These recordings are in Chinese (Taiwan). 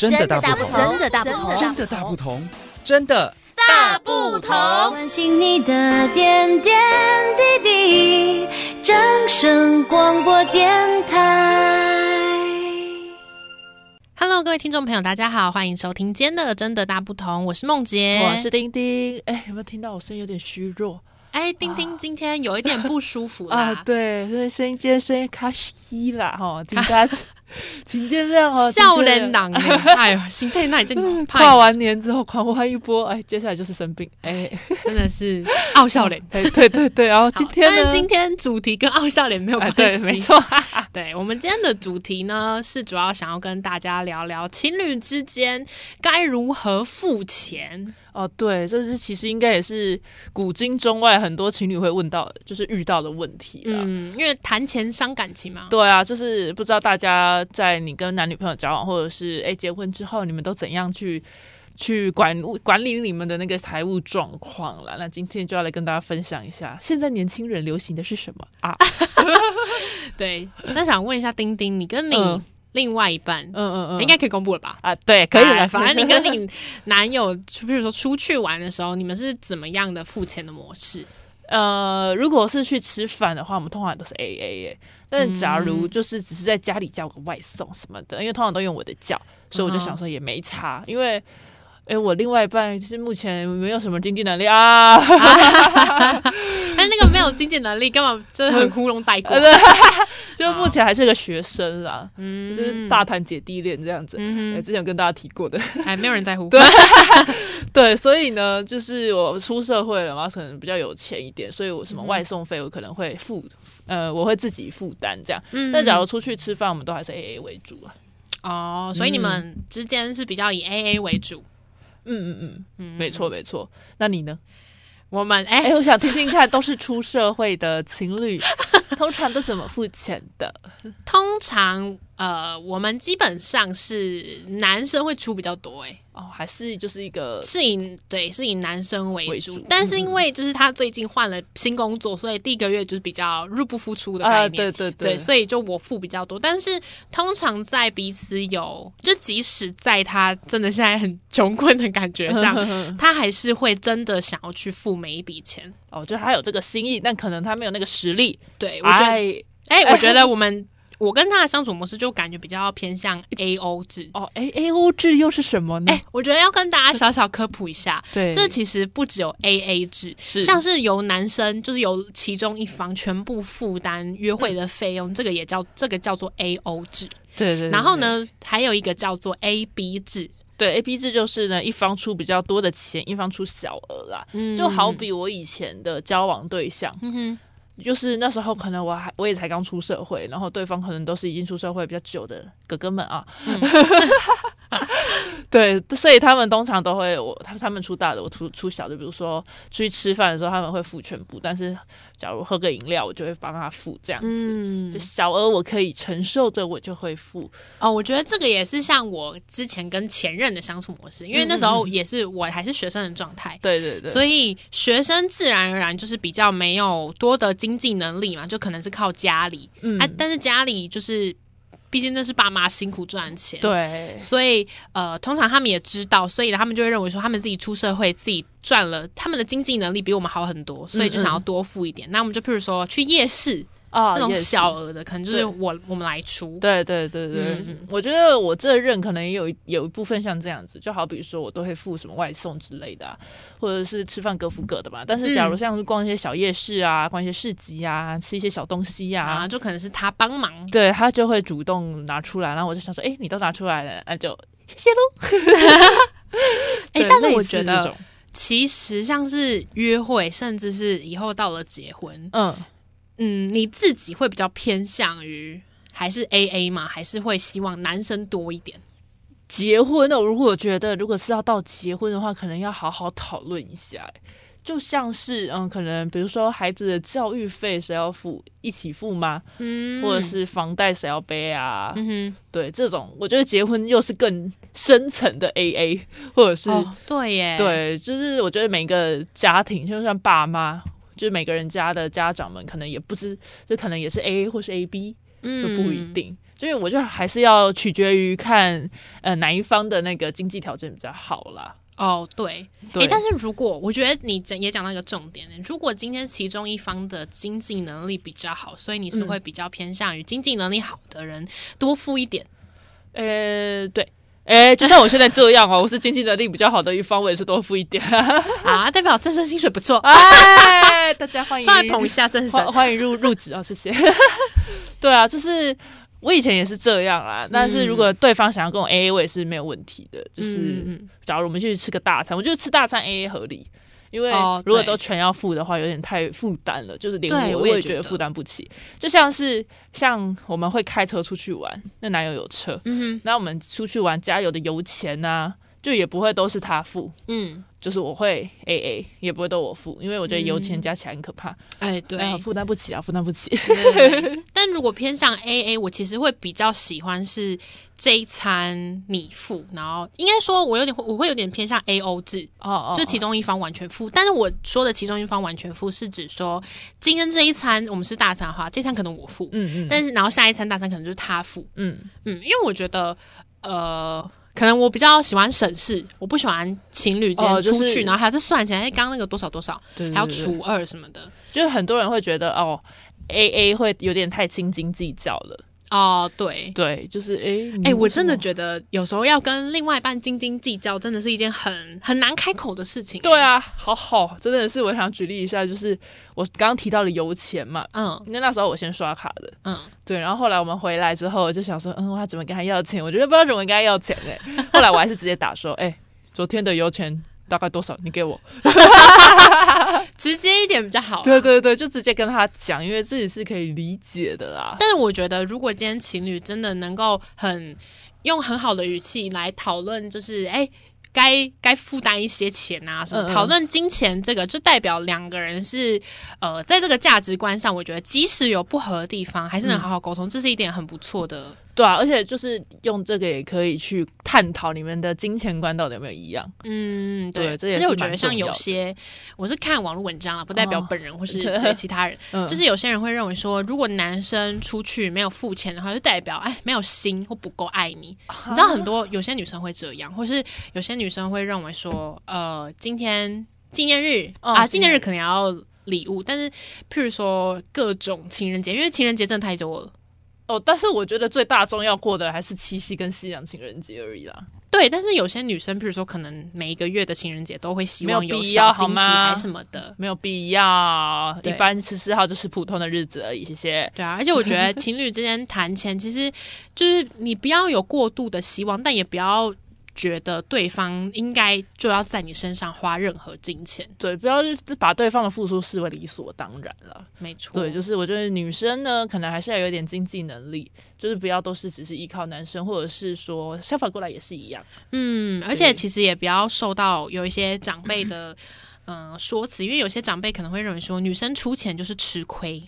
真的大不同，真的大不同，真的大不同，真的大不同。關心你的點點滴滴，掌聲廣播電台 。Hello，各位聽眾朋友，大家好，歡迎收聽今天的《真的大不同》，我是夢潔，我是丁丁。哎、欸，有沒有聽到我聲音有點虛弱？哎、欸，丁丁、oh. 今天有一點不舒服啦。 啊、對，因為聲音今天聲音開始低了哈。聽大家。 請見諒哦、啊，笑臉黨，哎呦，心態那已經跨完年之後狂歡一波，哎，接下來就是生病，哎，真的是傲笑臉、嗯，對對對，然後、哦、今天，但是今天主題跟傲笑臉沒有關係，哎、對沒錯，對我們今天的主題呢，是主要想要跟大家聊聊情侶之間該如何付錢。哦，對，這是其實應該也是古今中外很多情侶會問到，就是遇到的問題啦。嗯，因為談錢傷感情嘛。對啊，就是不知道大家在你跟男女朋友交往，或者是誒結婚之後，你們都怎樣去去管管理你們的那個財務狀況了？那今天就要來跟大家分享一下，現在年輕人流行的是什麼啊？ 對，那想問一下丁丁，你跟你。嗯另外一半，嗯嗯嗯，應該可以公布了吧？啊，對，可以來。反正你跟你男友，就 比如說出去玩的時候，你們是怎麼樣的付錢的模式？呃，如果是去吃飯的話，我們通常都是 AA、嗯。哎，但假如就是只是在家裡叫個外送什麼的，因為通常都用我的叫，所以我就想說也沒差。嗯、因為，哎、欸，我另外一半就是目前沒有什麼經濟能力啊。哎、啊， 但那個沒有經濟能力幹嘛？真 的很糊弄帶過。 就目前還是個學生啦，嗯、就是大談姐弟戀這樣子、嗯欸，之前有跟大家提過的，還、哎、沒有人在乎。 對, 對，所以呢，就是我出社會了嘛，可能比較有錢一點，所以我什麼外送費我可能會付，呃，我會自己負擔這樣、嗯。但假如出去吃飯，我們都還是 A A 為主啊。哦，所以你們之間是比較以 A A 為主。嗯嗯嗯,嗯,嗯，沒錯沒錯。那你呢？我們哎、欸欸，我想聽聽看，都是出社會的情侶。 通常都怎麼付錢的？ 通常。呃，我們基本上是男生會出比較多哎、欸，哦，還是就是一個是以對是以男生為主，為主，但是因為就是他最近換了新工作，所以第一個月就是比較入不敷出的概念，啊、對對對，對，所以就我付比較多。但是通常在彼此有，就即使在他真的現在很窮困的感覺上呵呵，他還是會真的想要去付每一筆錢。哦，就他有這個心意，但可能他沒有那個實力。對，我覺得，哎，我覺得我們。我跟他的相處模式就感覺比較偏向 A O 制哦，A、欸、A O 制又是什麼呢？哎、欸，我覺得要跟大家小小科普一下，對，這其實不只有 A A 制是，像是由男生就是由其中一方全部負擔約會的費用、嗯，這個也叫這個叫做 A O 制，對對,對對。然後呢，還有一個叫做 A B 制，對，A B 制就是呢一方出比較多的錢，一方出小額啦、嗯，就好比我以前的交往對象，嗯哼就是那時候，可能我還我也才剛出社會，然後對方可能都是已經出社會比較久的哥哥們啊。嗯 對，所以他們通常都會我他他們出大的，我出出小的。就比如說出去吃飯的時候，他們會付全部。但是假如喝個飲料，我就會幫他付這樣子。嗯、就小額我可以承受着我就會付。哦，我覺得這個也是像我之前跟前任的相處模式，因為那時候也是我還是學生的狀態。對對對。所以學生自然而然就是比較沒有多的經濟能力嘛，就可能是靠家裡。嗯。啊、但是家裡就是。畢竟那是爸媽辛苦賺錢，對，所以呃，通常他們也知道，所以他們就會認為說，他們自己出社會，自己賺了，他們的經濟能力比我們好很多，所以就想要多付一點。嗯嗯那我們就譬如說去夜市。啊、哦，那種小額的可能就是我我們來出，對對對對，對、嗯。我覺得我這任可能也有一有一部分像這樣子，就好比如說我都會付什麼外送之類的，啊，或者是吃飯各付各的吧。但是假如像是逛一些小夜市啊、嗯，逛一些市集啊，吃一些小東西啊，啊就可能是他幫忙，對他就會主動拿出來。然後我就想說，哎、欸，你都拿出來了，那就謝謝嘍。哎、 欸，但是我覺得其實像是約會，甚至是以後到了結婚，嗯。嗯，你自己會比較偏向於還是 AA 嗎？還是會希望男生多一點？結婚那我如果覺得如果是要到結婚的話，可能要好好討論一下。就像是嗯，可能比如說孩子的教育費誰要付，一起付嗎？嗯，或者是房貸誰要背啊？嗯哼，對，這種我覺得結婚又是更深層的 AA，或者是、哦、對耶，對，就是我覺得每個家庭，就像爸媽。就是每個人家的家長們可能也不知，就可能也是 AA 或是 AB，嗯，都不一定。所以我覺得還是要取決於看呃哪一方的那個經濟條件，比較好啦。哦，對，對欸、但是如果我覺得你講也講到一個重點，如果今天其中一方的經濟能力比較好，所以你是會比較偏向於經濟能力好的人多付一點？呃、嗯欸，對。哎、欸，就像我現在這樣哦、喔，我是經濟能力比較好的一方，我也是多付一點啊。啊，代表鄭生薪水不錯，哎，哎，哎，哎，大家歡迎，上來捧一下鄭生，歡迎入入職啊，謝謝。對啊，就是我以前也是這樣啊、嗯，但是如果對方想要跟我 A A，我也是沒有問題的。就是、嗯、假如我們去吃個大餐，我覺得吃大餐 A A 合理。因為如果都全要付的話，有點太負擔了，哦，就是連我也覺得，我覺得負擔不起。就像是像我們會開車出去玩，那男友有車，嗯哼，那我們出去玩加油的油錢吶、啊。就也不會都是他付，嗯，就是我會 A A，也不會都我付，因為我覺得油錢加起來很可怕，嗯啊、哎，對，負擔不起啊，負擔不起。 但如果偏向 A A，我其實會比較喜歡是這一餐你付，然後應該說我有點我會有點偏向 A O 制，哦哦，就其中一方完全付。但是我說的其中一方完全付是指說今天這一餐我們是大餐哈，這餐可能我付，嗯嗯，但是然後下一餐大餐可能就是他付，嗯嗯，因為我覺得，呃。可能我比較喜歡省事，我不喜歡情侶間出去、哦，就是，然後還是算起來哎，剛、欸、剛那個多少多少，對對對，還有除二什麼的，就是很多人會覺得哦，AA 會有點太斤斤計較了。哦、oh，對對，就是哎哎，我真的覺得有時候要跟另外一半斤斤計較，真的是一件很很難開口的事情、欸。對啊，好好，真的是我想舉例一下，就是我剛剛提到了油錢嘛，嗯，因為那時候我先刷卡的，嗯，對，然後後來我們回來之後，就想說，嗯，我還怎麼跟他要錢？我覺得不知道怎麼跟他要錢哎、欸，後來我還是直接打說，哎， 昨天的油錢。大概多少？你給我 直接一點比較好。對對對，就直接跟他講，因為自己是可以理解的啦。但是我覺得，如果今天情侶真的能夠很用很好的語氣來討論，就是哎，該該負擔一些錢啊什麼，討、嗯、論、嗯、金錢這個，就代表兩個人是呃，在這個價值觀上，我覺得即使有不合的地方，還是能好好溝通、嗯，這是一點很不錯的。對啊，而且就是用這個也可以去探討你們的金錢觀到底有沒有一樣。嗯，對，這也是，而且我覺得像有些，我是看網絡文章啊，不代表本人或是對其他人、哦 嗯。就是有些人會認為說，如果男生出去沒有付錢的話，就代表哎沒有心或不夠愛你、啊。你知道很多有些女生會這樣，或是有些女生會認為說，呃，今天紀念日、哦、啊，紀念日可能要禮物，但是譬如說各種情人節，因為情人節真的太多了。哦，但是我覺得最大宗要過的還是七夕跟西洋情人節而已啦。對，但是有些女生，比如說可能每一個月的情人節都會希望有小驚喜還什麼的，沒有必要，好嗎？沒有必要。一般十四號就是普通的日子而已，謝謝。對啊，而且我覺得情侶之間談錢， 其實就是你不要有過度的希望，但也不要。覺得對方應該就要在你身上花任何金錢，對，不要把對方的付出視為理所當然了，沒錯。對，就是我覺得女生呢，可能還是要有點經濟能力，就是不要都是只是依靠男生，或者是說相反過來也是一樣。嗯，而且其實也不要受到有一些長輩的嗯、呃、說辭，因為有些長輩可能會認為說女生出錢就是吃虧。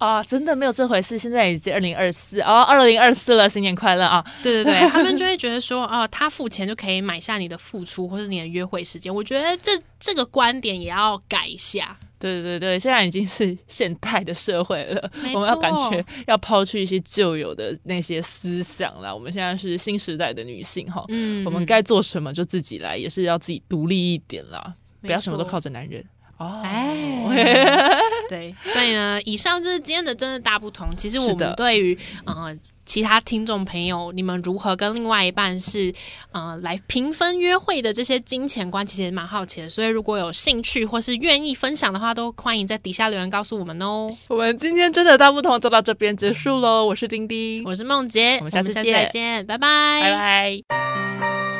啊，真的沒有這回事，現在已經二零二四哦，二零二四了，新年快樂啊！對對對， 他們就會覺得說，哦、啊，他付錢就可以買下你的付出，或是你的約會時間。我覺得這這個觀點也要改一下。對對對，現在已經是現代的社會了，我們要感覺要拋去一些舊有的那些思想了。我們現在是新時代的女性哈，嗯，我們該做什麼就自己來，也是要自己獨立一點了，不要什麼都靠着男人哦。哎。 對，所以呢，以上就是今天的真的大不同。其實我們對於呃其他聽眾朋友，你們如何跟另外一半是呃來平分約會的這些金錢觀，其實蠻好奇的。所以如果有興趣或是願意分享的話，都歡迎在底下留言告訴我們哦。我們今天真的大不同就到這邊結束嘍。我是丁丁，我是孟杰。我，我們下次再見，拜拜，拜拜。